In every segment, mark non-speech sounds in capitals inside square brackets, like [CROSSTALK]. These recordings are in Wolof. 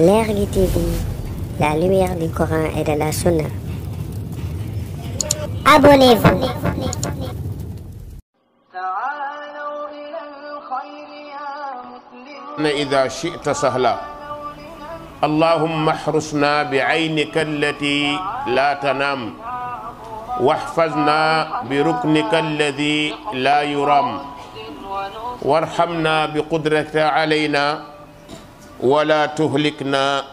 L'air du TV, la lumière du Coran et de la Sunna. Abonnez-vous. إذا شئت سهلا اللهم احرسنا بعينك التي لا تنام واحفظنا بركنك الذي لا يرام وارحمنا بقدرتك علينا wala tuhlik na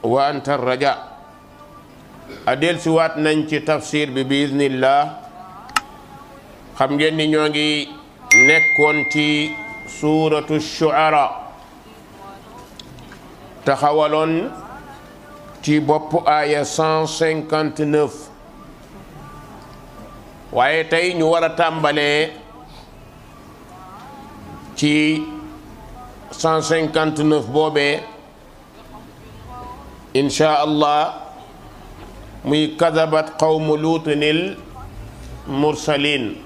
wa anta raja a dellusiwaat nañ ci tafsir bi biiznillah xam ngeen ni ñoo ngi nekkoon ci suuratu shuara taxawaloon ci boppu aaya 159 waaye tey ñu war a tàmbalee ci 159 boobee insha allah muy kadabat qawmu luutinil mursalin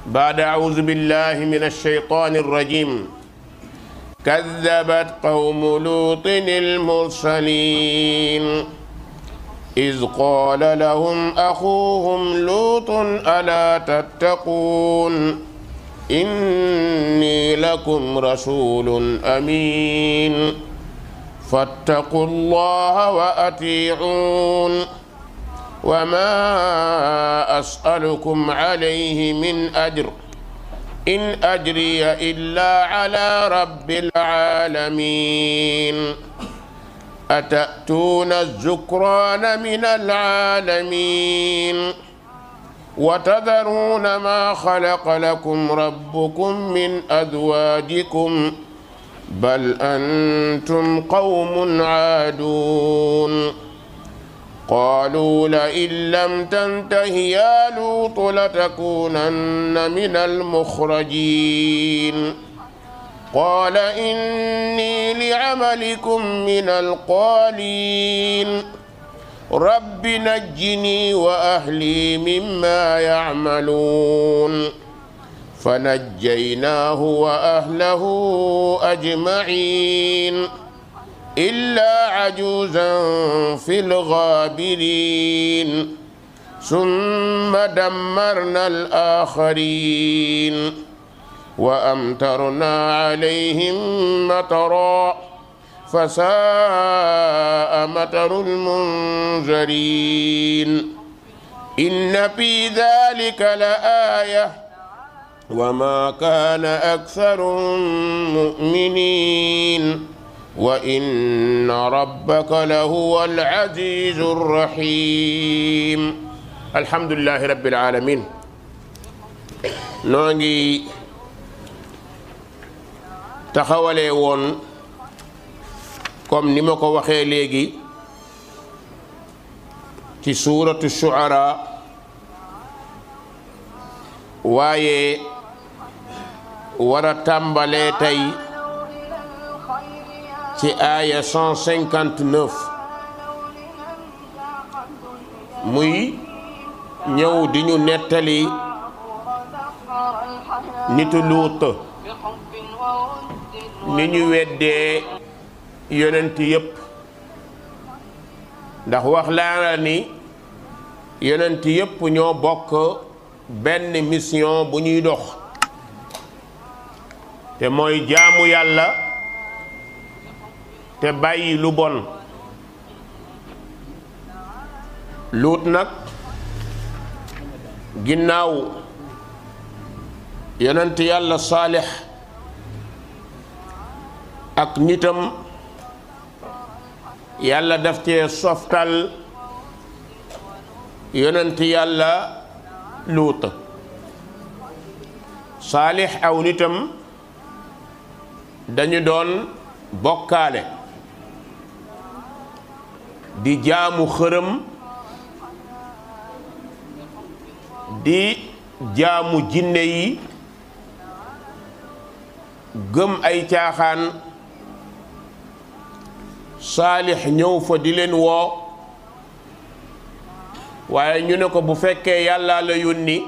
بعد أعوذ بالله من الشيطان الرجيم كذبت قوم لوط المرسلين إذ قال لهم أخوهم لوط ألا تتقون إني لكم رسول أمين فاتقوا الله وأطيعون وما أسألكم عليه من أجر إن أجري إلا على رب العالمين أتأتون الذكران من العالمين وتذرون ما خلق لكم ربكم من أزواجكم بل أنتم قوم عادون قالوا لئن لم تنته يا لوط لتكونن من المخرجين قال إني لعملكم من القالين رب نجني وأهلي مما يعملون فنجيناه وأهله أجمعين إلا عجوزا في الغابرين ثم دمرنا الآخرين وأمترنا عليهم مطرًا فساء مطر المنذرين إن في ذلك لآية وما كان أكثر مؤمنين وإن ربك لهو العزيز الرحيم الحمد لله رب العالمين نوغي تخولي ون comme ni mako waxé légui léegi ci suuratu shuara waye wara tambalé tay ci aaya 159 muy ñew di ñu netali nitu luut ni ñu weddee yonent yëpp ndax wax laa ni yonent yëpp ñoo bokk benn mission bu ñuy dox te mooy jaamu yàlla te bàyyi lu bon luut nag ginnaaw yonent yàlla saalix ak nitam yàlla daf ci softal yonent yàlla luuta saalix aw nitam dañu doon bokkaale di jaamu xërëm di jaamu jinne yi gëm ay caaxaan saalix ñëw fa di leen woo waaye ñu ne ko bu fekkee yàlla la yónni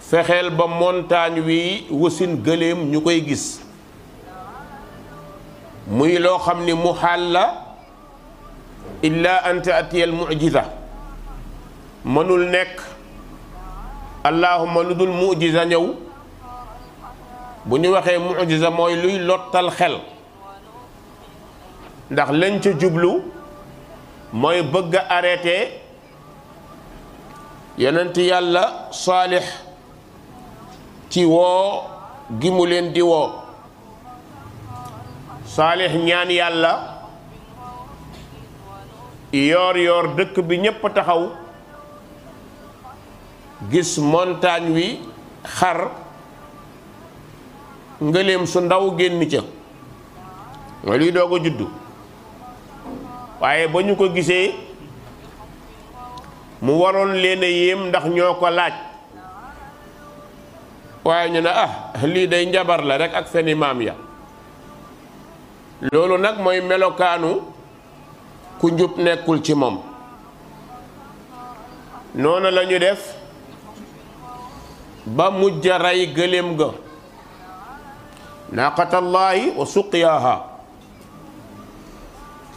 fexeel ba montagne wi wasin gëléem ñu koy gis muy loo xam ni mu xaal la illa an taatiyal mujiza mënul nekk allahuma lu dul mujiza ñëw bu ñu waxee mujiza mooy luy lottal xel ndax lañ ca jublu mooy bëgg a arrêté yonent yàlla saalix ci woo gi mu leen di woo saalix ñaan yàlla yoor yoor dëkk bi ñépp taxaw gis montagne wi xar ngëleem su ndaw génn ca mooy luy doog juddu waaye ba ñu ko gisee mu waroon leen yéem ndax ñoo ko laaj waaye ñu na ah lii day njabar la rekk ak seeni maam ya loolu nag mooy melokaanu ku njub nekkul ci moom noonu la ñu def ba mujj rey gëléem ga naqatallaahi wa suqyaaha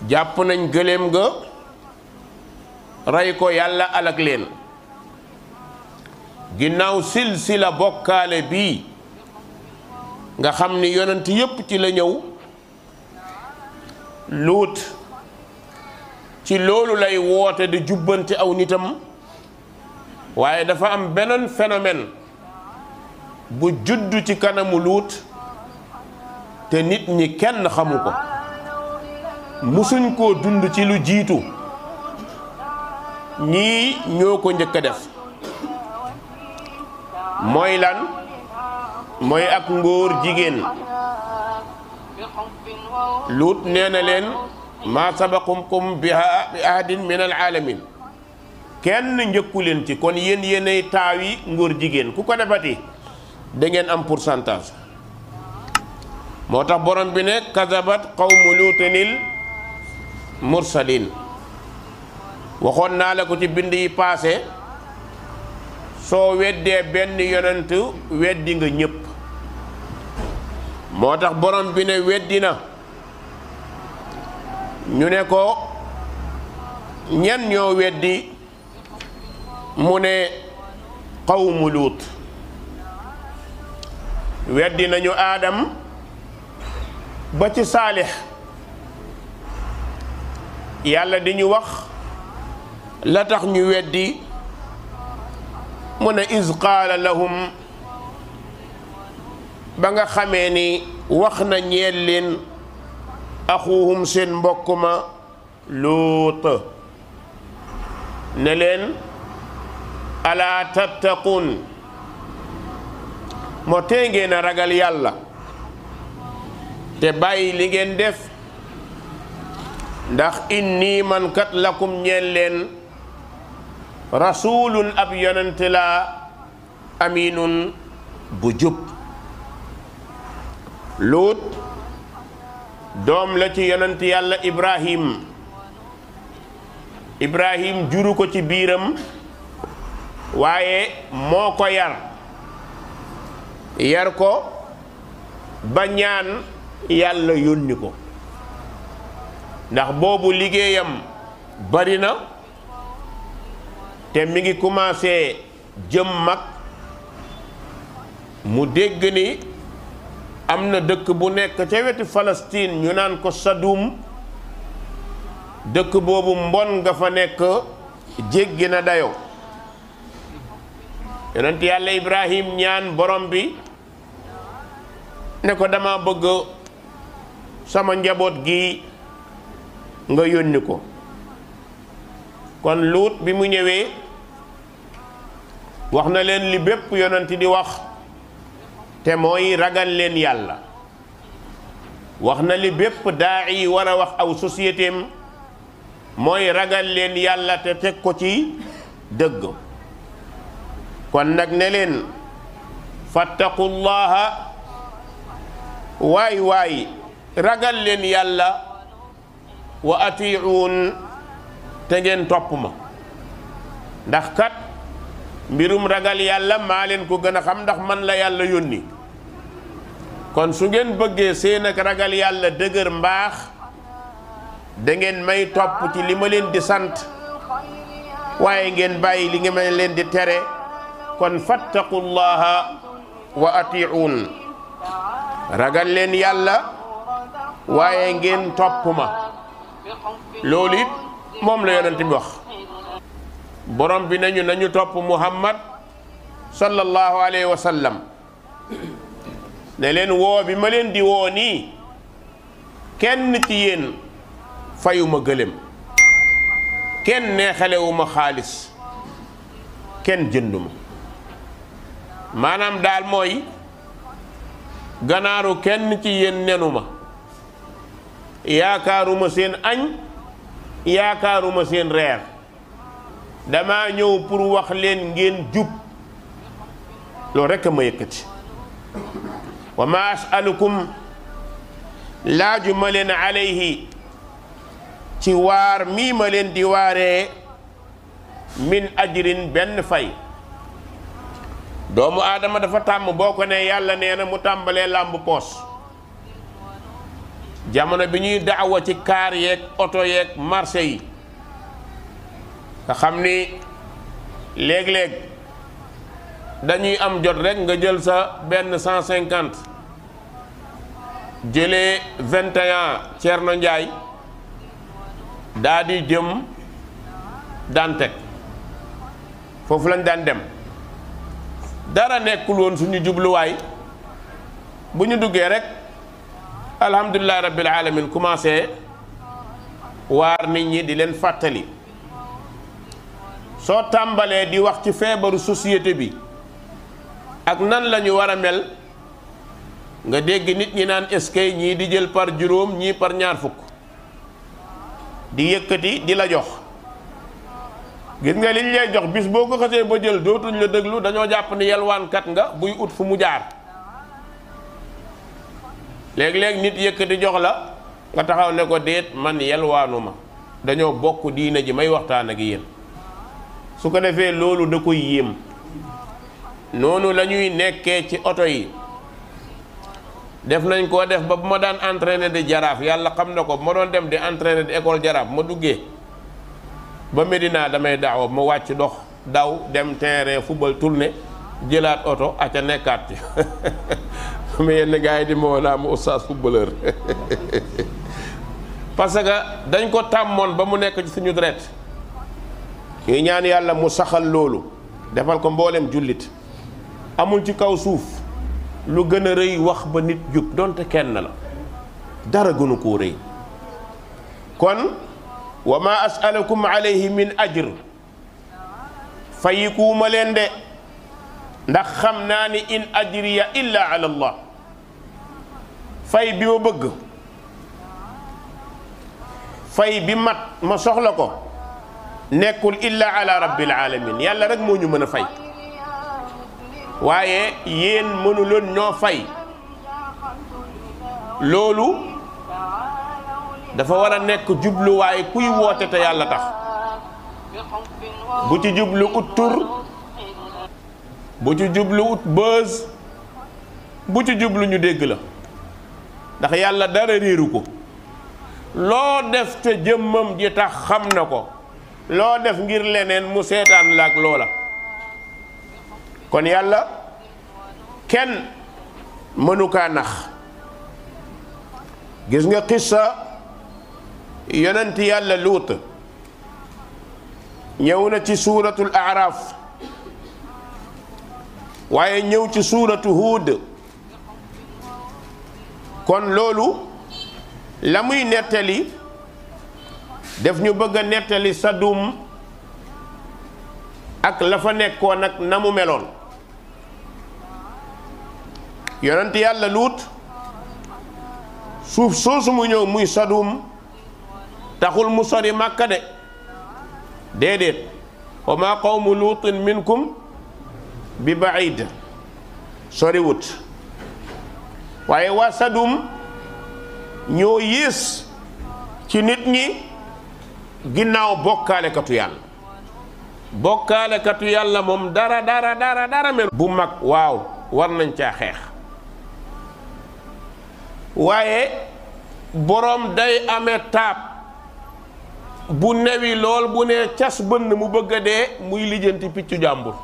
jàpp nañ gëléem ga rey ko yàlla alak leen ginnaaw silsila bokkaale bii nga xam ni yonent yépp ci la ñëw luut ci loolu lay woote di jubbanti aw nitam waaye dafa am beneen phénomène bu judd ci kanamu luut te nit ñi kenn xamu ko musuñ koo dund ci lu jiitu ñii ñoo ko njëkk a def mooy lan mooy ak ngóor jigéen luut nee na leen maa sabaqakum biha bi ahadin min al kenn njëkku leen ci kon yéen yéenay taaw ngóor jigéen ku ko defati da ngeen am pourcentage moo tax borom bi ne kazabat qawmu luutinil mursalin waxoon naa la ko ci bind yi paase soo weddee benn yonent weddi nga ñépp moo tax borom bi ne weddi na ñu ne ko ñan ñoo weddi mu ne qawmu luut weddi nañu aadam ba ci saalix yàlla di ñu wax la tax ñu weddi mu ne is qaala lahum ba nga xamee ni wax na ñeel leen axuuhum seen mbokk ma luut ne leen alaa tattaquun moo tee a ragal yàlla te bàyyi li ngeen def ndax inni man kat lakum ñeel leen rasulun ab yonent laa aminun bu jub luut doom la ci yonent yàlla ibrahim ibrahim juru ko ci biiram waaye moo ko yar yar ko ba ñaan yàlla yónni ko ndax boobu liggéeyam bari na te mu ngi commencé jëm mag mu dégg ni am na dëkk bu nekk ca wetu Palestine ñu naan ko sa Sadum dëkk boobu mbon nga fa nekk jéggi na dayo yonent yàlla Ibrahim ñaan borom bi ne ko dama bëgg sama njaboot gi nga yónni ko kon luut bi mu ñëwee wax na leen li bépp yonent di wax te mooy ragal leen yàlla wax na li bépp daa yi war a wax aw société mooy ragal leen yàlla te teg ko ci dëgg kon nag ne leen fattaqullaha waay waay ragal leen yàlla wa atiiun te ngeen topp ma ndax kat mbirum ragal yàlla maa leen ko gën a xam ndax man la yàlla yónni kon su ngeen bëggee seen ak ragal yàlla dëgër mbaax da ngeen may topp ci li ma leen di sant waaye ngeen bàyyi li nga ma leen di tere kon fattaqullaha wa atiiun ragal leen yàlla waaye ngeen topp ma loolu it moom la yonent bi wax borom bi nañu nañu topp muhammad sallallahu alayhi wa sallam ne leen woo bi ma leen di woo nii kenn ci yéen fayuma gëléem kenn neexalewuma xaalis kenn jënduma maanaam daal mooy ganaaru kenn ci yéen nenuma yaakaaruma seen añ yaakaaruma seen reer dama ñëw pour wax leen ngeen jub loolu rekk a ma yëkkati wa ma asalukum laaju leen alayhi ci waar mii ma leen di waaree min ajrin benn fay doomu aadama dafa tàmm boo ko ne yàlla nee na mu tàmbalee làmb poos jamono bi ñuy daawa ci kaar yeeg oto yeeg marché yi nga xam ni léeg-léeg dañuy am jot rek nga jël sa benn cent cinquante jële vingt et un Thierno Ndiaye daa di jëm Dantec foofu lañ daan dem dara nekkul woon suñu jubluwaay bu ñu duggee rek. Alhamdulillah, rabbil alamin commencé waar nit ñi di leen fàttali soo tàmbalee di wax ci feebaru société bi ak nan la ñu war mel nga dégg nit ñi naan est ñii di jël par juróom ñii par ñaar fukk di yëkkati di la jox gis nga liñ lay jox bis boo ko xasee ba jël dootuñ la déglu dañoo jàpp ni yelwaankat nga buy ut fu mu jaar léeg-léeg nit yëkkati jox la nga taxaw ne ko déet man yelwaanu ma dañoo bokk diina ji may waxtaan ak yéen su ko defee loolu da koy yéem noonu la ñuy nekkee ci oto yi def nañ koo def ba bu ma daan entraîné di jaraaf yàlla xam na ko bu ma doon dem di entraîné di école jaraaf ma duggee ba Medina damay daaw ma wàcc dox daw dem terrain football tourné jëlaat oto aca nekkaat ci [LAUGHS] mais yenn gars yi di Mawla mu oustaz footballeur parce que dañ ko tàmmoon ba mu nekk ci suñu deret ñuy ñaan yàlla mu saxal loolu defal ko mboolem jullit amul ci kaw suuf lu gën a rëy wax ba nit jub donte kenn la dara gënu koo rëy kon wa ma asalukum alayhi min ajr fayikuuma leen de ndax xam naa ni in ajriya illa ala allah fay bi ma bëgg fay bi mat ma soxla ko nekkul illa ala rabbil alamin yàlla rek moo ñu mën a fay waaye yéen mënu leen ñoo fay loolu dafa war a nekk jubluwaay kuy woote te yàlla tax bu ci jublu ut tur bu ci jublu ut bës bu ci jublu ñu dégg la ndax yàlla dara réeru ko loo def te jëmmam ji tax xam na ko loo def ngir leneen mu seetaan laak loola kon yàlla kenn mënu kaa nax gis nga xissa yonent yàlla luut ñëw na ci suuratul araf waaye ñëw ci suuratu huud kon loolu la muy nettali def ñu bëgg a nettali Sadum ak la fa nekkoon ak na mu meloon yonent yàlla luut suuf soosu mu ñëw muy Sadum taxul mu sori Màkka de déedéet wa maa qawmu luutin minkum bi sori wut waaye waa Sadum ñoo yées ci nit ñi ginnaaw bokkaalekatu yàlla bokkaalekatu yàlla moom dara dara dara mel bu mag waaw war nañ caa xeex waaye boroom day amee taab bu newi lool bu ne cas bënn mu bëgg a dee muy lijjanti piccu jàmbur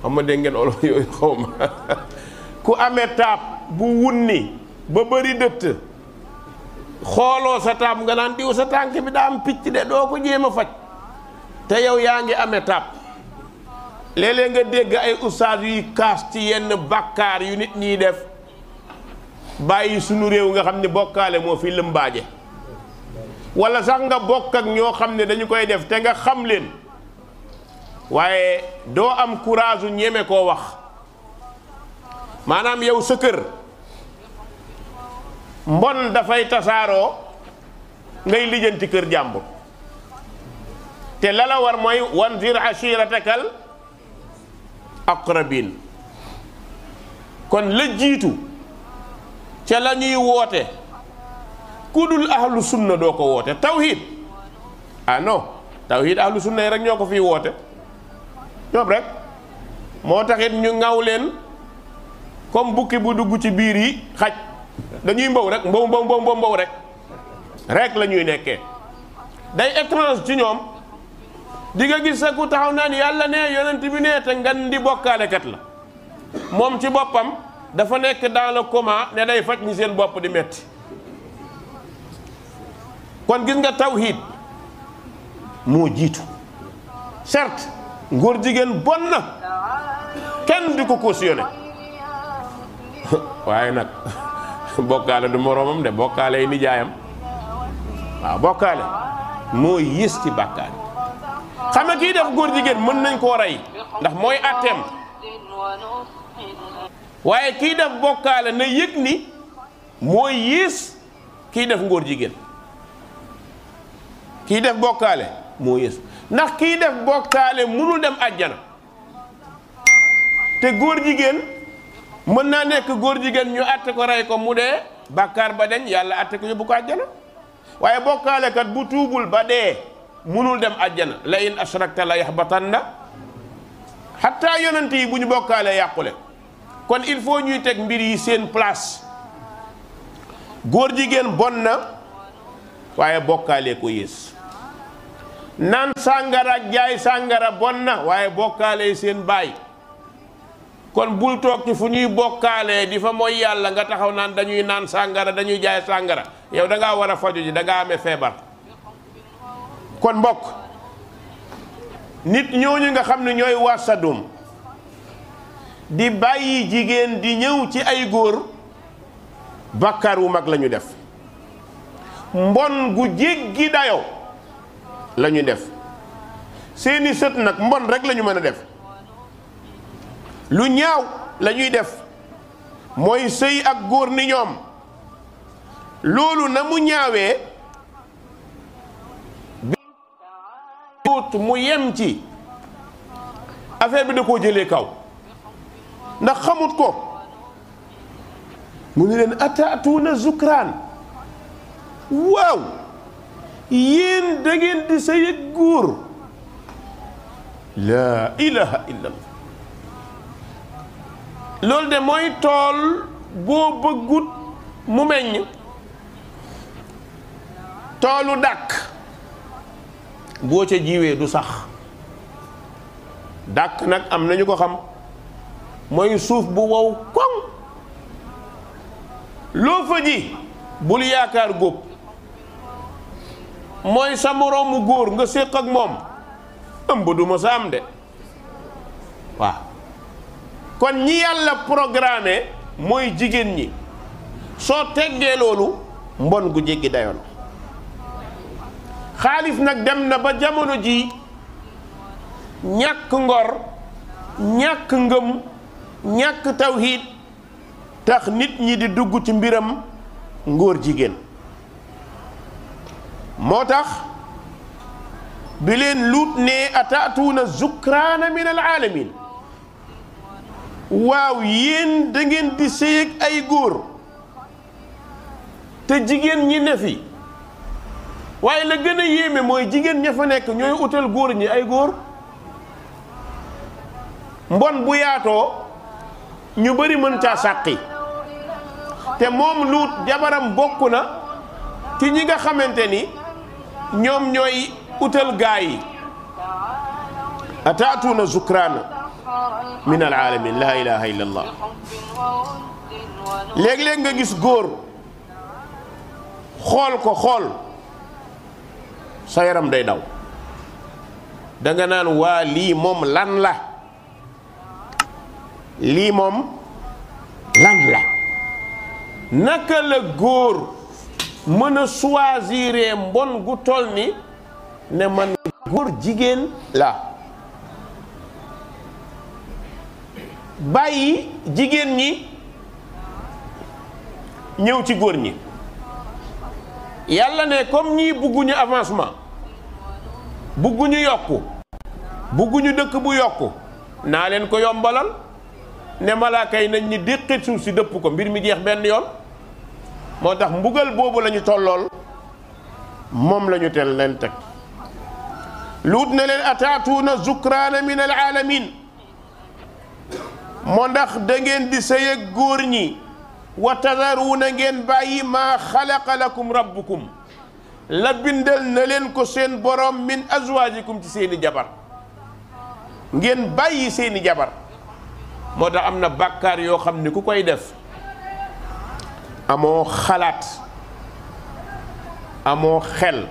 xam nga dégg ngeen olof yooyu xaw [LAUGHS] ku amee taab bu wunni ba bëri dëtt xooloo sa taab nga naan diw sa tànk bi daa am picc de doo ko jéem a faj te yow yaa ngi ame taab léeg nga dégg ay ustaas yuy kaas ci yenn bakkaar yu nit ñiy def bàyyi sunu réew nga xam ni bokkaale moo fi lëmbaaje wala sax nga bokk ak ñoo xam ne dañu koy def te nga xam leen waaye doo am courage ñeme koo wax maanaam yow sa kër mbon dafay tasaaroo ngay lijjanti kër jàmbur te la la war mooy wanzir ashiratakal aqrabin kon la jiitu ca la woote ku dul ahlu sunna doo ko woote tawhid ah non tawhid ahlu sunna yi rek ñoo ko fiy woote ñoom rek moo taxit ñu ŋaw leen comme bukki bu dugg ci biir yi xaj dañuy mbow rek mbow mbow mbow mbow rek rek la ñuy nekkee day étrange ci ñoom di nga gis sa ku taxaw naan yàlla ne yonent bi ne te ngan di bokkaalekat la moom ci boppam dafa nekk dans le coma ne day faj ñi seen bopp di metti kon gis nga tawhid moo jiitu certes ngóor jigéen bon na kenn di ko cautionné [LAUGHS] waaye nag bokkaale du moroomam de bokkaale ay nijaayam waaw bokkaale moo yées ci bàkkaar xam nga kii def góor jigéen mën nañ koo rey ndax mooy atteem waaye kii def bokkaale na yëg ni mooy yées kii def ngóor jigéen kii def bokkaale moo yées def bokkaale mënul dem àjjana te góor jigéen mën naa nekk góor jigéen ñu àtte ko rey ko mu dee bàkkaar ba deñ yàlla àtte ko yóbbu ko àjjana waaye bokkaalekat bu tuubul ba dee mënul dem àjjana la in ashrakta la yaxbatanna xataa yonent yi bu ñu bokkaalee yàqule kon il faut ñuy teg mbir yi seen place góor jigéen bon na waaye bokkaalee ko yées naan sàngara ak jaay sàngara bon na waaye bokkaalee seen baay kon bul toog ci fu ñuy bokkaalee di fa mooy yàlla nga taxaw naan dañuy naan sàngara dañuy jaay sàngara yow da war a faju ji da ngaa feebar kon mbokk nit ñooñu nga xam ne ñooy sa doom di bàyyi jigéen di ñëw ci ay góor bàkkaar wu mag lañu def mbon gu jéggi dayo la ñu def seeni sët nag mbon rek lañu mën a def lu ñaaw lañuy def mooy sëy ak góor ni ñoom loolu na mu ñaawee mu yem ci affaire bi da koo jëlee kaw ndax xamut ko mu ni leen ataatuuna zukraan waaw yéen da di sëy ak góor laa ilaha illallah loolu de mooy tool boo bëggut mu meññ toolu dàkk boo ca jiwee du sax dàkk nag am nañu ko xam mooy suuf bu wow koŋ loo fa bul yaakaar góob mooy sa moroomu góor nga séq ak moom ëmb duma ma sa am de waaw kon ñi yàlla programmé mooy jigéen ñi soo teggee loolu mbon gu jéggi dayoo la xaalis nag dem na ba jamono ji ñàkk ngor ñàkk ngëm ñàkk tawhid tax nit ñi di dugg ci mbiram ngóor jigéen moo tax bi leen luut ne ataatuuna zukraana min al aalamin waaw yéen da ngeen di sëy ak ay góor te jigéen ñi ne fi waaye la gën a yéeme mooy jigéen ña fa nekk ñooy utal góor ñi ay góor mbon bu yaatoo ñu bari mën caa sàqi te moom luut jabaram bokk na ci ñi nga xamante ni ñoom ñooy utal gaa yi ataatuuna zukraana min al alamin la ilaha illallah léeg-léeg nga gis góor xool ko xool sa yaram day daw da nga naan waa lii moom lan la lii moom lan la naka la góor mën a choisir mbon gu toll ni ne man góor jigéen la bàyyi jigéen ñi ñëw ci góor ñi yàlla ne comme ñii bugguñu avancement bugguñu yokk bugguñu dëkk bu yokk naa leen ko yombalal ne malaaka yi nañ ñi déqit suuf si dëpp ko mbir mi jeex benn yoon moo tax mbugal boobu lañu tollool moom lañu ñu tel leen teg luut ne leen ataatuuna zukraana min al alamin moo ndax dangeen di sëy ak góor ñi wu na ngeen bàyyi maa xalaqa lakum la bindal na leen ko seen borom min azwaajikum ci seeni jabar ngeen bàyyi seeni jabar moo tax am na bàkkaar yoo xam ni ku koy def amoo xalaat amoo xel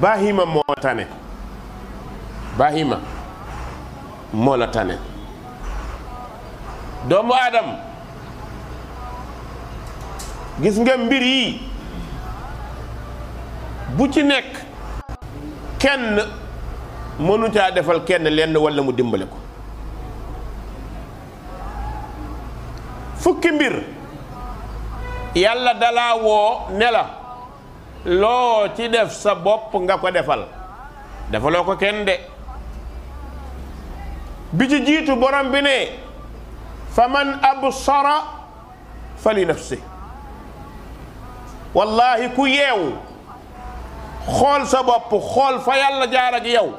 bahima moo tane bahima moo la tane doomu aadama gis nga mbir yi bu ci nekk kenn mënu caa defal kenn lenn walla mu dimbale ko fukki mbir yàlla dalaa woo ne la loo ci def sa bopp nga ko defal defaloo ko kenn de bi ci jiitu borom bi ne fa man sora fa li nafsi wallahi ku yeewu xool sa bopp xool fa yàlla jaar ak yow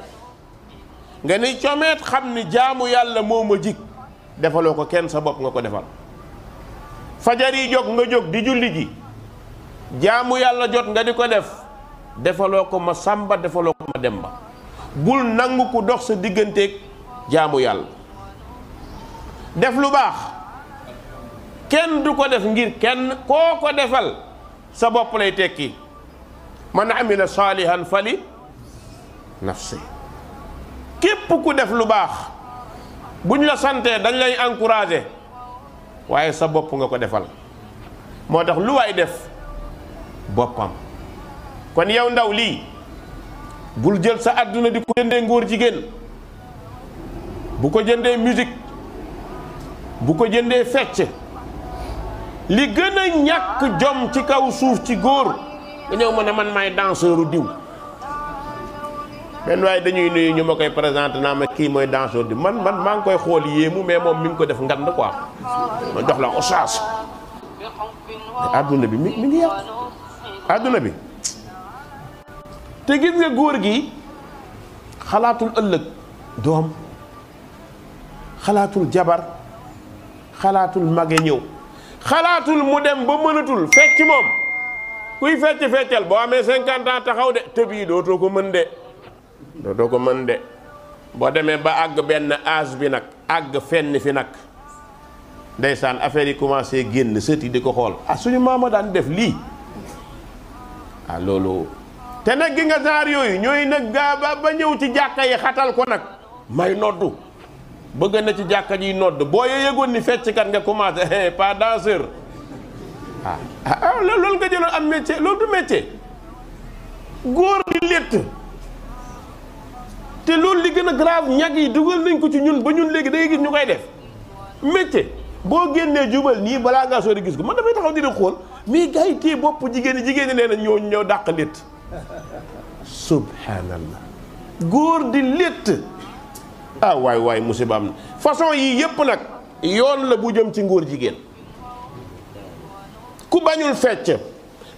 nga ni comeet xam ni jaamu yàlla moo ma jig defaloo ko kenn sa bopp nga ko defal fajar yi jóg nga jóg di julli ji jaamu yàlla jot nga di ko def defaloo ko ma sàmba defaloo ko ma ba bul nangu ku dox sa digganteek jaamu yàlla def lu baax kenn du ko def ngir kenn koo ko defal sa bopp lay tekki man amila saalihan fali nafsi képp ku def lu baax buñ la santee dañ lay encouragé waaye sa bopp nga ko defal moo tax lu waay def boppam kon yow ndaw lii bul jël sa àdduna di ko jëndee ngóor jigéen bu ko jëndee musique bu ko jëndee fecc li gën a ñàkk jom ci kaw suuf ci góor dañoo ñëw ma ne man may danseuru diw benn waaye dañuy nuyu ñu ma koy présenté naa ma kii mooy danseur diw man man maa ngi koy xool yéemu mais moom mi ngi ko def ngand ko ma jox la oustaz adduna bi mi mi ngi yàqu adduna bi te gis nga góor gi xalaatul ëllëg doom xalaatul jabar xalaatul mage ñëw xalaatul mu dem ba mënatul fecc moom kuy fecc feccal boo amee cinquante ans taxaw de tëb yi dootoo ko mën de dootoo ko mën de boo demee ba àgg benn âge bi nag àgg fenn fi nag ndeysaan affaire yi commencé génn sët di ko xool a ah, suñu maam a daan def lii ah loolu te nag gi nga saar yooyu ñooy nag gaa ba ba ñëw ci jàkka yi xatal ko nag may noddu bëgg na ci jàkka ji nodd boo yëgoon ni fecckat nga commencé [LAUGHS] eh, pas danseur ah, ah, ah loolu nga jëloon am métier loolu du métier góor di létt te loolu li gën a grave ñag yi dugal nañ ko ci ñun ba ñun léegi day gis ñu koy def métier boo génnee jubal nii balaa ngaa sori gis ko man damay taxaw di di xool mais gars yi téye bopp jigéen ñi jigéen ñi nee na ñoo ñëw dàq létt subhanallah góor di létt ah waay waay musiba am na façon yii yëpp nag yoon la bu jëm ci ngóor jigéen ku bañul fecc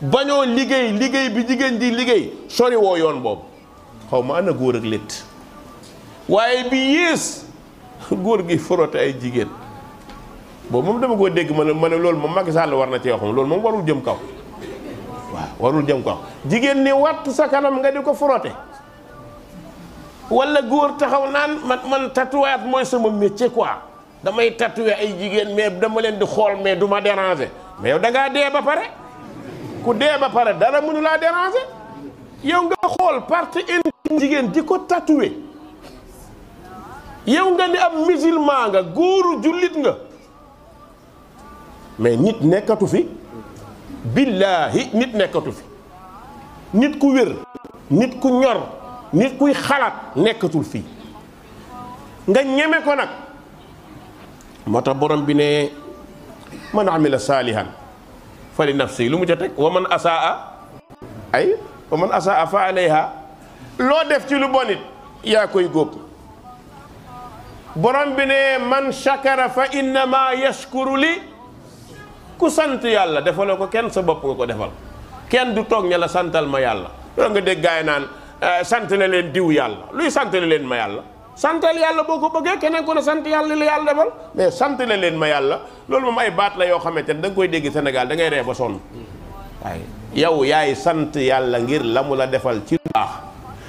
bañoo liggéey liggéey bi jigéen ji liggéey sori woo yoon boobu xaw ma ana góor ak létt waaye bi yées [LAUGHS] góor gi forote ay jigéen boobu moom dama koo dégg ma ne ma ne loolu moom Macky la war na cee waxam loolu moom warul jëm kaw waaw warul jëm kaw jigéen ni watt sa kanam nga di ko forote wala góor taxaw naan man man tatouage mooy sama métier quoi damay tatouer ay jigéen mais dama leen di xool mais duma ma mais dangaa da dee ba pare ku dee ba pare dara mënulaa laa déranger yow nga xool partie intime jigéen di ko tatouer yow nga ni am musulman nga góoru jullit nga mais nit nekkatu fi billaahi nit nekkatu fi nit ku wér nit ku ñor nit kuy xalaat nekkatul fii nga ñeme ko nag moo tax borom bi ne man amila saalihan fali nafsi lu mu ca teg wa man asaa ay wa man asaa fa alayha loo def ci lu bonit yaa koy góob borom bi ne man shakara fa innama yashkuru li ku sant yàlla defaloo ko kenn sa bopp nga ko defal kenn du toog ña la santal ma yàlla loolu nga dégg naan Eh, sant la leen diw yàlla luy sant la leen ma yàlla santal yàlla boo ko bëggee keneen ko ne sant yàlla li yàlla defal mais sant la leen ma yàlla loolu moom ay baat la yoo xamante ne da koy dégg Sénégal da ngay ree ba sonn waaye yow yaay sant yàlla ngir la mu la defal ci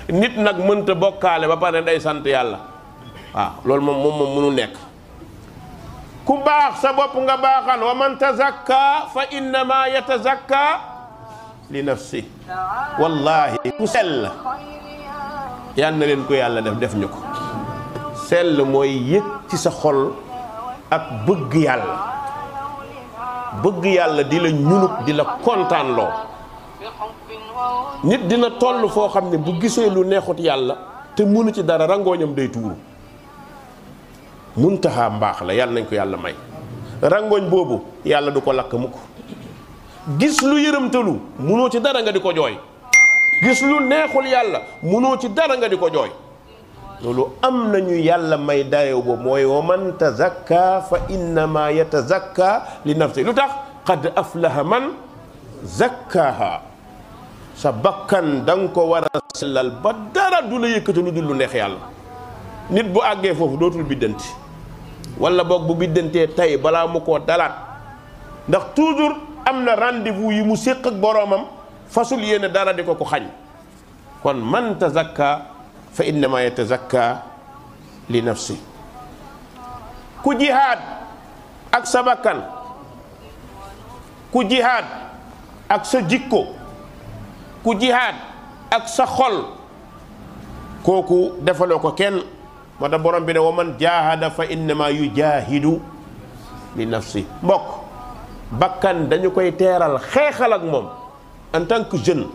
nit nag mënta bokkaale ba pare day sant yàlla waaw loolu moom moom moom mënu nekk ku baax sa bopp nga baaxal wa man tazakka fa innama yatazakka li nafsi wallaahi ku sell yal na leen ko yàlla def def ñu ko sell mooy yëg ci sa xol ak bëgg yàlla bëgg yàlla di la ñunub di la kontaanloo nit dina toll foo xam ne bu gisee lu neexut yàlla te munu ci dara rangooñam day tuuru muntaxaa mbaax la yàlla nañ ko yàlla may rangooñ boobu yàlla du ko lakk mukk gis lu yërëmtalu munoo ci dara nga di ko jooy gis lu neexul yàlla mënoo ci dara nga di ko jooy loolu am nañu yàlla may dayo boobu mooy wa man tazakka fa innama yatazakka li nafsi lu tax qad aflaha man zakkaha sa bakkan da ko war a sellal ba dara du la yëkkati lu dul lu neex yàlla nit bu àggee foofu dootul biddanti wala boog bu biddantee tey balaa mu koo dalaat ndax toujours am na rendez-vous yu mu séq ak boroomam fasul yéene dara di ko ko xañ kon man tazakka fa innama yatazakka li nafsi ku jihaad ak sa bakkan ku jihaad ak sa jikko ku jihaad ak sa xol kooku defaloo ko kenn moo tax borom bi ne wa man jaahada fa innama yujahidu li nafsi mbokk bakkan dañu koy teeral xeexal ak moom en tant que jeune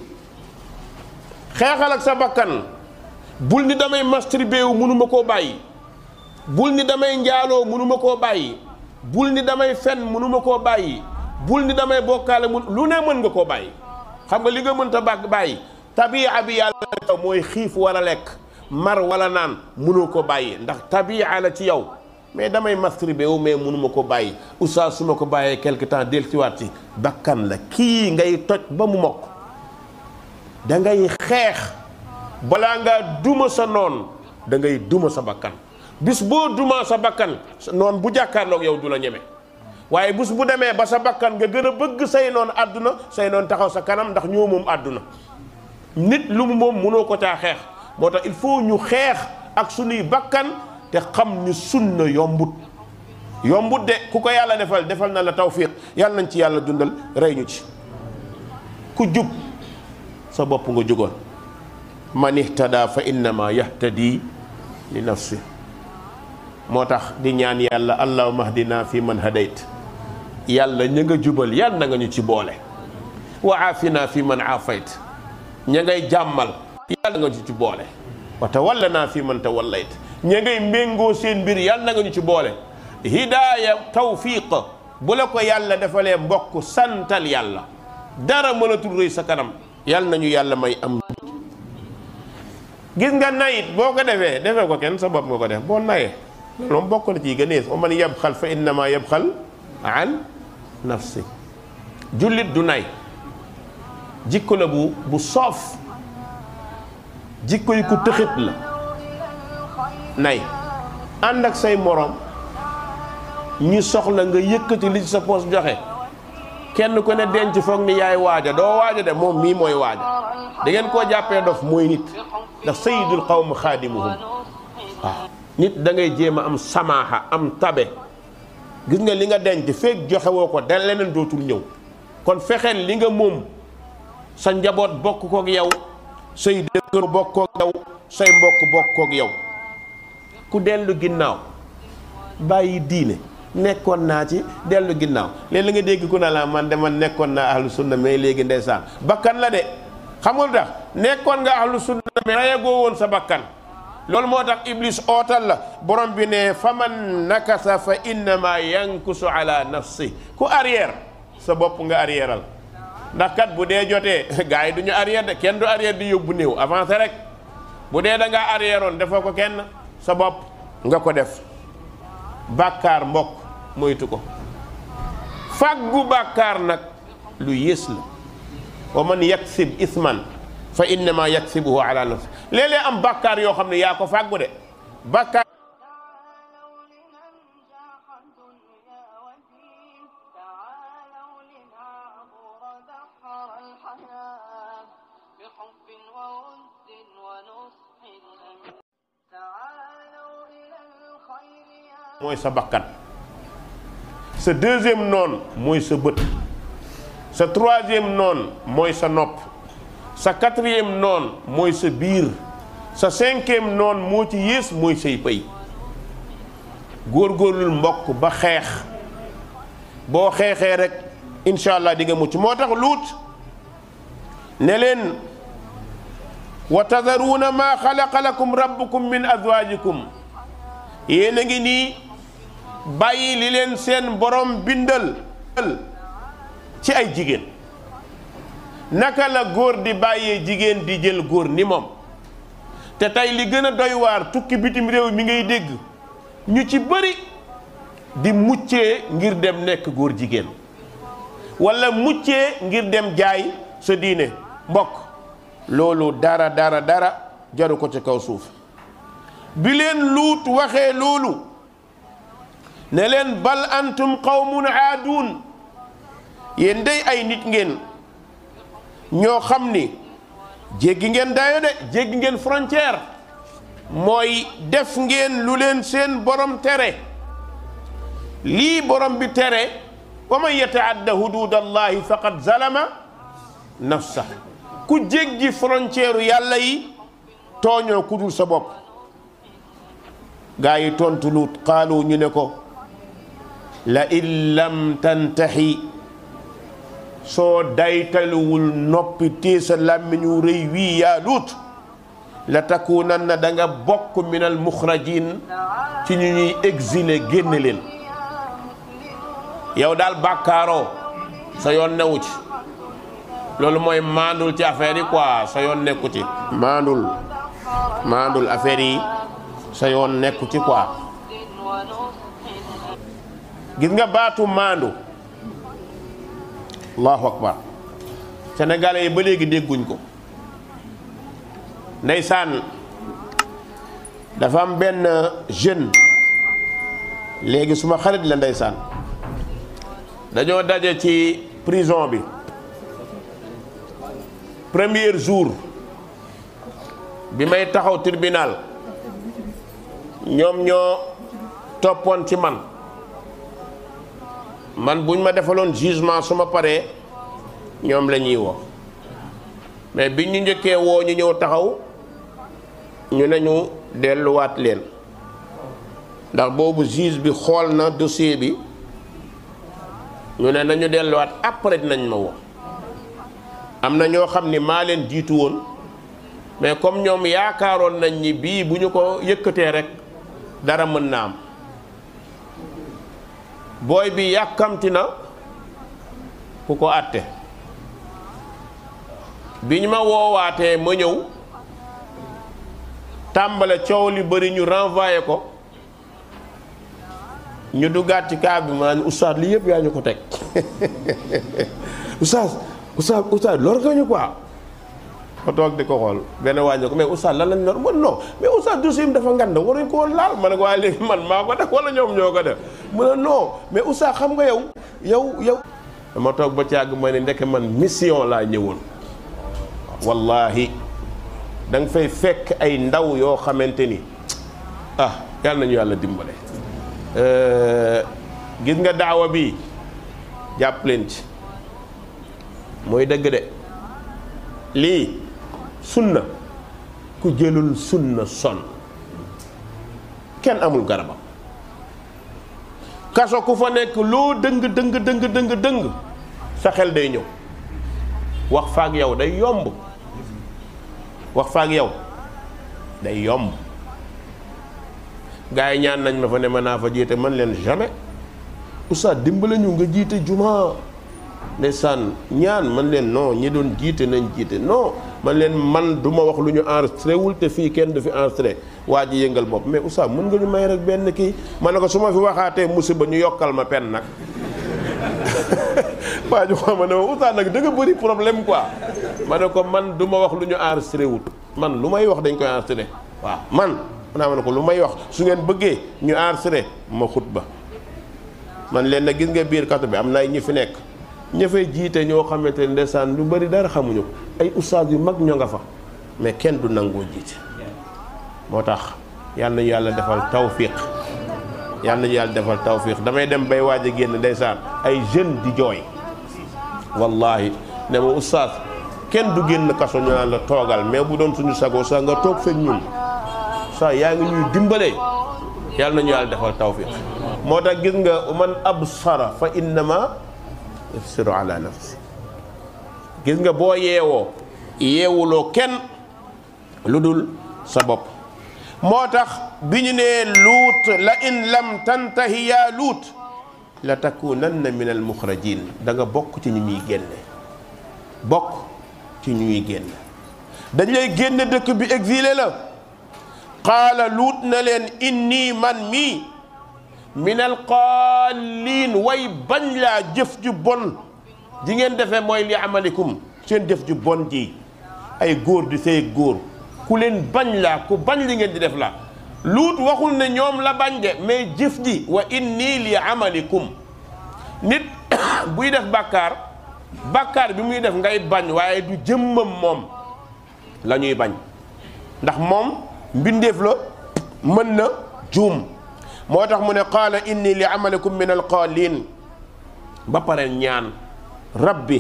xeexal ak sa bakkan bul ni damay masturbé wu mënuma koo bàyyi bul ni damay njaaloo mënuma koo bàyyi bul ni damay fen mënuma koo bàyyi bul ni damay bokkaale mun lu ne mën nga koo bàyyi xam nga li nga mënta bàgg bàyyi tabi'a bi yàlla mooy xiif wala lekk mar wala naan mënoo ko bàyyi ndax tabi'a la ci yow mais damay mascribé wu mais mënuma ko bàyyi oustaz su ma ko bàyyee quelque temps del ci bakkan la kii ngay toj ba mu mokk da ngay duma sa noon da ngay duma sa bakkan bis boo dumaa sa bakkan noon bu jàkkaarloog yow du la ñeme waaye bis bu demee ba sa bakkan nga gën bëgg say noon àdduna say taxaw sa kanam ndax ñoo nit lu mu moom ko caa xeex moo il faut ñu ak sunuy bakkan te xam ni sunna yombut yombut de ku ko yàlla defal defal na la tawfiq yàlla nañ ci yàlla dundal rey ñu ci ku jub sa bopp nga jugoon man ihtada fa innama yahtadi li nafsi moo tax di ñaan yàlla allahumma ahdina fi man hadayt yàlla ña nga jubal yàlla na nga ñu ci boole wa aafina fi man aafayt ña ngay jàmmal yàlla nga ñu ci boole wa tawalla naa fi man tawallayt ña ngay seen bir yàlla nga ñu ci boole hidaya tawfiq bu la ko yàlla defale mbokk santal yàlla dara mënatul rëy sa kanam yàlla nañu yàlla may am gis nga nayit boko defé defé ko ken sa bop nga ko def bo naye loolu mbokk bokk na ci o man yabxal fa innama yabxal an nafsi julit du nay jikko la bu bu sof jikko yi ku taxit la nay ànd ak say moroom ñu soxla nga yëkkati li ci sa poos joxe kenn ku ne denc foog ni yaay waaja doo waaja de moom mii mooy waaja da ngeen koo jàppee dof mooy nit ndax sayidul qawm xaadimuhum waaw nit da ngay jéem a am samaaxa am tabe gis nga li nga denc feeg joxe woo ko da leneen dootul ñëw kon fexeel li nga moom sa njaboot bokk kook yow say dëkkër bokk kook yow say mbokk bokk kook yow ku dellu ginnaaw bayi diine nekkoon naa ci dellu ginnaaw léegi la nga dégg ku ne la man de man nekkoon naa sunna mais léegi ndeysaan bakkan la de xamul tax nekkoon nga ahlu sunna mais rayagoo woon sa bakkan iblis otal la borom bi ne faman nakasa fa innama yankusu ala nafsi ku arrière sa bopp nga arrièreal ndax kat bu dee jotee [LAUGHS] gars arrière de kenn du arrière di yóbbu néew avancé rek bu da ngaa arrièreoon defoo kenn sa bopp nga ko def bàkkaar mbokk moytu ko fàggu bàkkaar nag lu yées la wa man yaksib isman fa innama yaksibuhu ala nafsi léeg-léeg am bàkkaar yoo xam ne yaa ko fàggu de bàkkaar mooy sa bakkan sa deuxième noon mooy sa bët sa troisième noon mooy sa nopp sa quatrième noon mooy sa biir sa cinquième noon moo ci yées mooy say góor góorgóorlul mbokk ba xeex boo xeexee rek incha allah di nga mucc moo tax luut ne leen maa xalaqa lakum rabbukum min azwaajikum yéen ngi nii bàyyi li leen seen borom bindal ci ay jigéen naka la góor di bàyyee jigéen di jël góor ni moom te tey li gën a doy tukki bitim réew mi ngay dégg ñu ci bari di muccee ngir dem nekk góor jigéen walla muccee ngir dem jaay sa diine mbokk loolu dara dara dara jaru ko ci kaw suuf bi leen luut waxee loolu ne leen bal antum qawmun aaduun yéen day ay nit ngeen ñoo xam ni jéggi ngeen dayo de jéggi ngeen frontière mooy def ngeen lu leen seen borom tere lii borom bi tere wa man yataadda hudud allahi faqad zalama nafsa ku jéggi frontière yàlla yi tooñoo ku dul sa bopp gaa yi tontu luut xaalu ñu ne ko la in lam tantahi soo daytaluwul noppi tée sa làmmiñ wu rëy wii yaa luut la takunan na da bokk min al muxrajin ci ñu ñuy exilé génn leen yow daal bàkkaaroo sa yoon newu ci loolu mooy maandul ci affaire yi quoi sa yoon nekku ci maandul maandul affaire yi sa yoon nekku ci quoi gis nga baatu maandu allahu akbar sénégalais yi ba léegi dégguñ ko ndeysaan dafa am benn jeune léegi suma xarit la ndeysaan dañoo daje ci prison bi premier jour bi may taxaw tribunal ñoom ñoo toppoon ci man man buñ ma defaloon jugement su ma paree ñoom la ñuy woo mais bi ñu njëkkee woo ñu ñëw taxaw ñu ne ñu delluwaat leen ndax boobu juge bi xool na dossier bi ñu ne nañu delluwaat après nañ ma woo am na ñoo xam ni maa leen jiitu woon mais comme ñoom yaakaaroon nañ ni bii bu ñu ko yëkkatee rek dara mën na am booy bi yàkkamti na ku ko àtte bi ñu ma woowaatee ma ñëw tàmbale coow li bari ñu renvoyé ko ñu duggaat ci kaa bi ma ne oustaz lii yëpp yaa ñu ko teg [LAUGHS] oustaz oustaz oustaz lor nga ñu quoi. ma toog di ko xool benn waañ ko mais oustaz lan lañ doon mën non mais oustaz dossier bi dafa ngand waruñ ko woon laal ma ne waaye léegi man maa ko def wala ñoom ñoo ko def mu ne non mais oustaz xam nga yow yow yow dama toog ba càgg ma ne ndeke man mission laa ñëwoon wallahi danga nga fay fekk ay ndaw yoo xamante ni ah yàlla dimbale gis nga daawa bi jàpp leen ci mooy dëgg de lii sunna ku jëlul sunna sonn kenn amul garabam kaso ku fa nekk loo dëng dëng dëng dëng dëng sa xel day ñëw wax faak yow day yomb wax faak yow day yomb gars yi ñaan nañ ma fa ne ma naa fa jiite man leen jamais oustaz dimbale ñu nga jiite juma ndeysaan ñaan man leen noo ñi doon jiite nañ jiite noo man leen man du ma wax lu ñu enregistré wul te fii kenn du fi enregistré waa ji yëngal bopp mais oustaz mën nga ñu may rek benn kii ma ne ko su ma fi waxaatee musiba ñu yokkal ma pen nag [LAUGHS] waa ji xaw ma ne oustaz nag da nga bëri problème ma ne ko man du ma wax lu ñu enregistré wut man lu may wax dañ koy enregistré waa man naa ma ne ko lu may wax su ngeen bëggee ñu enregistré ma ba man leen na gis nga biir katu bi am na ñu fi nekk ña jiite ñoo xamante ne ndeysaan lu bari dara xamuñu ko ay ustaas yu mag ñoo nga fa mais kenn du nangoo jiite moo tax yal nañu yàlla defal tawfiq yal nañu yàlla defal tawfiq damay dem bay waaj a génn ndeysaan ay jeune di jooy wallahi ne ma ustaas kenn du génn kaso ñu naan la toogal mais bu doon suñu sagoo sax nga toog fekk ñun sax yaa ngi ñuy dimbalee yàlla nañu yàlla defal tawfiq moo tax gis nga man absara fa innama yafsiru ala nafsi gis nga boo yeewoo yeewuloo kenn lu dul sa bopp moo tax bi ñu nee luut la in lam tantahi yaa luut la takunanna min al muxrajin da nga bokk ci ñu muy génne bokk ci ñuy génn dañ lay génn dëkk bi exilé la qaala luut na leen inni man mii minal qaaliin way bañ laa jëf ju bon ji ngeen defee mooy li amalikum seen jëf ju bon ji ay góor di sëy góor ku leen bañ laa ku bañ li ngeen di def la luut waxul ne ñoom la bañ de mais jëf ji wa inni li amalikum nit [COUGHS] buy def bàkkaar bàkkaar bi muy def ngay bañ waaye du jëmmam moom la ñuy bañ ndax moom mbindeef la mën na juum moo tax mu ne qaala inni li amalikum min alqaalin ba pare ñaan rabbi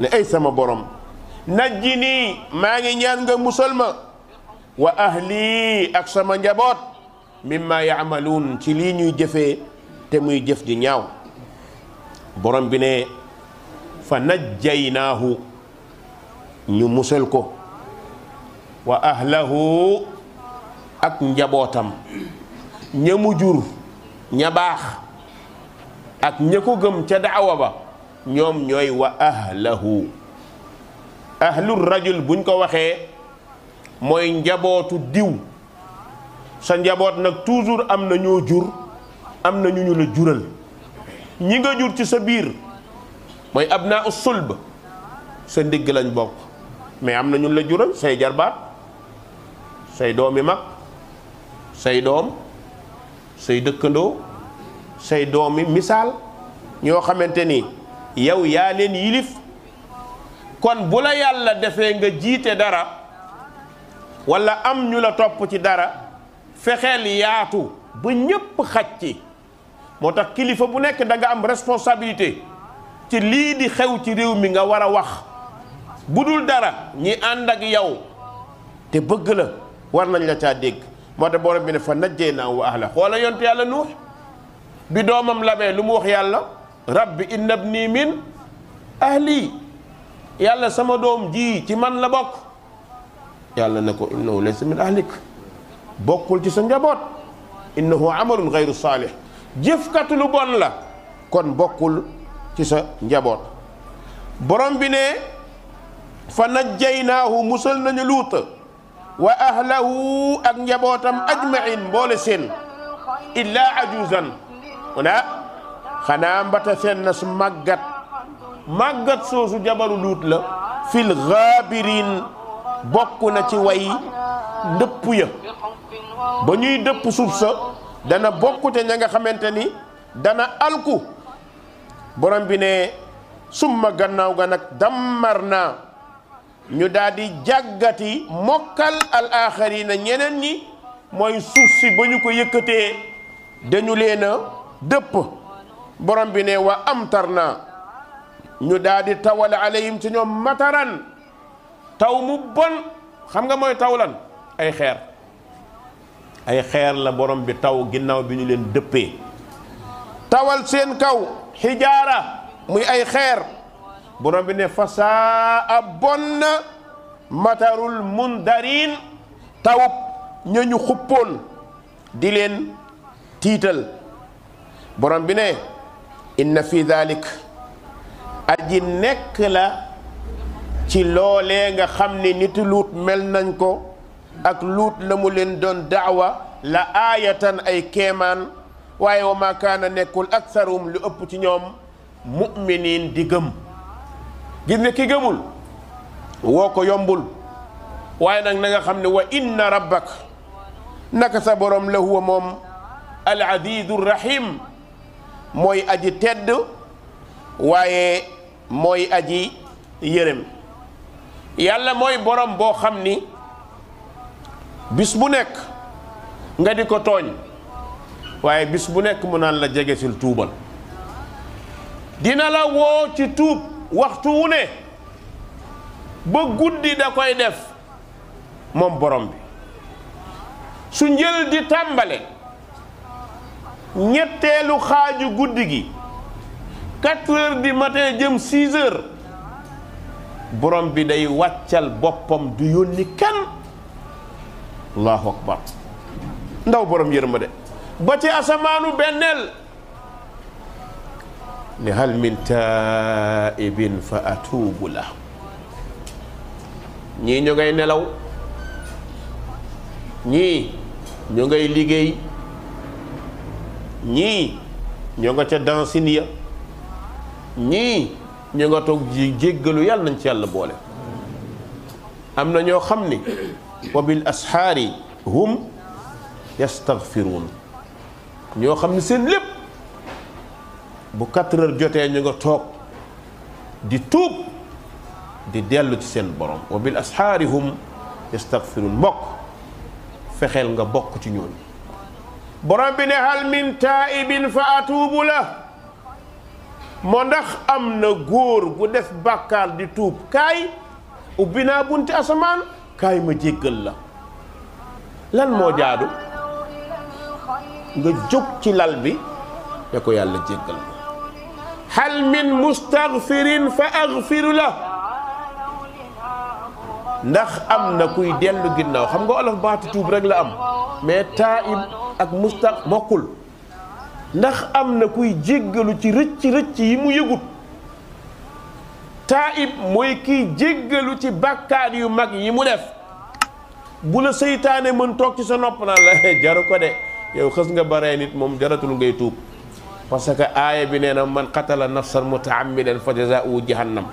ne ay sama borom najjini maa ngi ñaan nga musal ma wa ahli ak sama njaboot mimma yaamaluun ci lii ñuy jëfee te muy jëf di ñaaw borom bi ne fa najjaynaahu ñu musal ko wa ahlahu ak njabootam ña jur ña baax ak ña ko gëm ca daawa ba ñoom ñooy wa ahlahu ahlu rajul buñ ko waxee mooy njabootu diw sa njaboot nag toujours am na ñoo jur am na ñu ñu la jural ñi nga jur ci sa biir mooy abnaa sulb sa ndigg lañ bokk mais am na ñu la jural say jarbaat say doomi mag say doom say dëkkandoo say doomi misaal ñoo xamante ni yow yaa leen yilif kon bu la yàlla defee nga jiite dara walla am ñu la topp ci dara fexeel yaatu ba ñépp xaj ci moo tax kilifa bu nekk danga am responsabilité ci lii di xew ci réew mi nga war a wax bu dul dara ñi ànd ak yow te bëgg la war nañ la caa dégg motax borom bi ne fa najjee wa ahla xoola yontu yàlla nuh bi domam labé lu mu wax yàlla rabbi inna bni min ahli yàlla sama dom ji ci man la bok yàlla nako ko laysa min ahlik bokul ci sa njaboot innahu amalun ghayru salih jëfkat lu bon la kon bokul ci sa njabot borom bi ne fa najjaynaahu musal nañu luta wa ahlahu ak njabootam ajmain mboole seen illaa ajuzan mu ne xanaa mbata seen na su màggat màggat soosu jabaru luut la fil xaabirin bokk na ci way dëpp ya ba ñuy dëpp suuf sa dana bokkute ña nga xamante ni dana alku borom bi ne summa gannaaw ga nag dammar naa ñu daal di jàggati mokkal al axarina ñeneen ñi mooy suuf si ba ñu ko yëkkatee dañu leen a dëpp borom bi ne wa amtar na ñu daldi tawale tawal alayhim ci ñoom mataran taw mu bon xam nga mooy taw lan ay xeer ay xeer la borom bi taw ginnaaw bi ñu leen dëppee tawal seen kaw xijaara muy ay xeer borom bi ne fasaa bon na matarul mundarin tawub ñañu xuppoon di leen tiital borom bi ne inna fi dalik aji nekk la ci loole nga xam ni niti luut mel nañ ko ak luut la mu leen doon daawa la aayatan ay kemaan waaye wa ma kaana nekkul aksarum lu ëpp ci ñoom mu'miniin di gëm gis ne ki gëmul woo ko yombul waaye nag na nga xam ne wa inna rabbak naka sa borom la huwa moom al azizu rahim mooy aji tedd waaye mooy aji yërëm yàlla mooy borom boo xam ni bis bu nekk nga di ko tooñ waaye bis bu nekk mu naan la jege sil tuubal dina la woo ci tuub waxtu wu ne ba guddi da koy def moom borom bi su njël di tàmbale ñetteelu xaaju guddi gi quatre heures du matin jëm six borom bi day wàccal boppam du yónni kenn allahu akbar ndaw borom yërmande ba ci asamaanu benneel ni hal min taibin fa atubu lah ñii ñu ngay nelaw ñii ñu ngay liggéey ñii ñu nga ca dansin ya ñii ñu nga toog jéggalu yàlla nañ ci yàlla boole am na ñoo xam ni wa bil asxaari hum yastaghfiruun ñoo xam ni seen lépp bu quatre jotee ñu nga toog di tuub di dellu ci seen borom wa bil asxaari hum yastagfiruun mbokk fexeel nga bokk ci ñooñu borom bi ne hal min taibin fa atuubu la moo ndax am na góor gu def bàkkaar di tuub kaay ubbi naa bunti asamaan kaay ma jéggal la lan moo jaadu nga jóg ci lal bi ne ko yàlla jéggal هل من mustaghfirin fa aghfiru la ndax am na kuy dellu ginnaaw xam nga olof baatu tuub rek la am mais taib ak mustaq bokkul ndax am na kuy jéggalu ci rëcc rëcc yi mu yëgut taib mooy kiy jéggalu ci bàkkaar yu mag yi mu def bu la seytaane mën toog ci sa nopp naa la jaru ko de yow xës nga bare nit moom jaratul ngay tuub parce que aaya bi nee na man qatala nafsan mutaammidan fa jazaau jahannam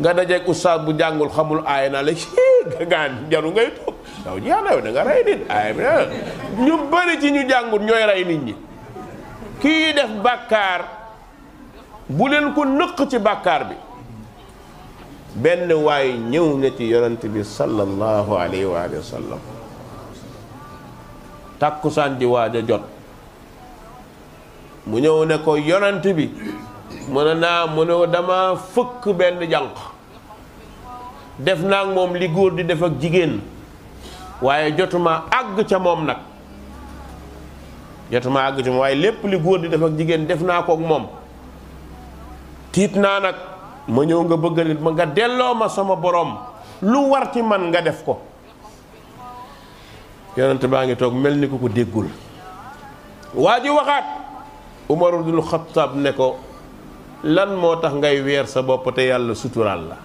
nga dajeeg ustaas bu jàngul xamul aaya naa la ga [LAUGHS] gaan jaru ngay toog yow yàlla da nga rey nit aaya bi nee ñu bëri ci ñu jàngul ñooy rey nit ñi kii def bàkkaar bu leen ko nëq ci bàkkaar bi benn waay ñëw na ci yonent bi sallallahu alayhi wa sallam takkusaan di waaj jot mu ñëw ne ko yonant bi mu ne naa mu ne dama fëkk benn jànq def naa moom li góor di def ak jigéen waaye jotuma àgg ca moom nag jotuma àgg ca moom waaye lépp li góor di def ak jigéen def naa kook moom tiit naa nag ma ñëw nga bëggal ma nga delloo ma sama boroom lu war ci man nga def ko yonent baa ngi toog mel ni ku ko déggul waa ji waxaat Umar ibnul Xattaab ne ko lan moo tax ngay weer sa bopp te yàlla suturaal la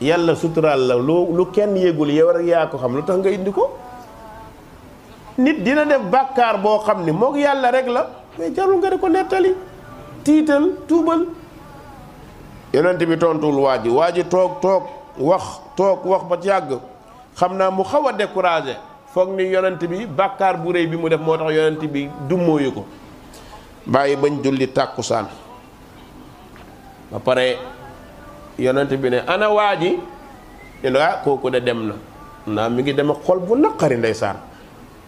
yàlla suturaal la lu lu kenn yëgul yow rek yaa ko xam lu tax nga indi ko nit dina def bàkkaar boo xam ni moog yàlla rek la mais jarul nga di ko nettali tiital tuubal yonent bi tontuwul waa ji waa ji toog toog wax toog wax ba jàgg xam naa mu xaw a découragé foog ni yonent bi bàkkaar bu réy bi mu def moo tax yonent bi dummóoyu ko bàyyi bañ julli tàkkusaan ba pare bi ne ana waa ji ñu ne ah kooku de dem na naa mi ngi dem ak bu naqari ndeysaan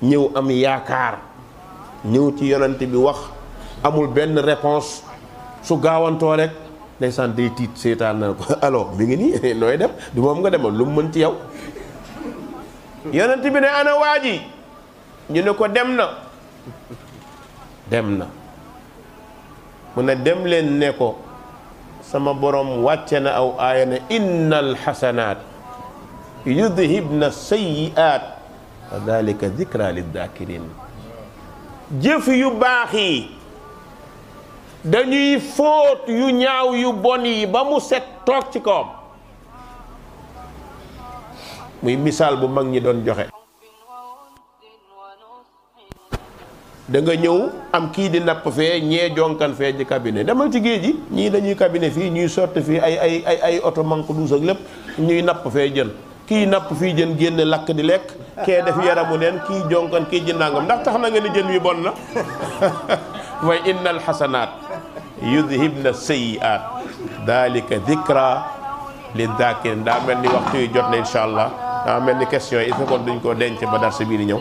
ñëw am yaakaar ñëw ci yonent bi wax amul benn réponse su gaawantoo rek ndeysaan day tiit seetaan na ko [LAUGHS] alors mi ngi nii [LAUGHS] nooy nga demal lu mën ci yow yonent bi ne ana waa ji ñu ne ko dem na dem na mune dem len ne ko sama borom wacce na aw aya ne innal hasanat yudhibna sayiat ذلك ذكرى للذاكرين جيف يو باخي دانيي فوت يو نياو يو بوني با مو سيت توك سي كوم موي مثال بو ماغ ني دون جوخه danga ñëw am kii di napp fee ñee jonkan fee ci cabinet demal ci géej gi ñii dañuy cabinet fii ñuy sotti fii ay ay ay ay oto manque douze ak lépp ñuy napp fee jën kii napp fii jën génn lakk di lekk kee def yaramu neen kii jonkan kii ji nangam ndax tax na nga ni jën wi bon na [LAUGHS] way inna alxasanaat yudhibna sayiat dalika dikra li dakirin daa mel ni waxtu yu jot na incha allah daa mel ni question yi il faut duñ ko denc ba dar sa biir ñëw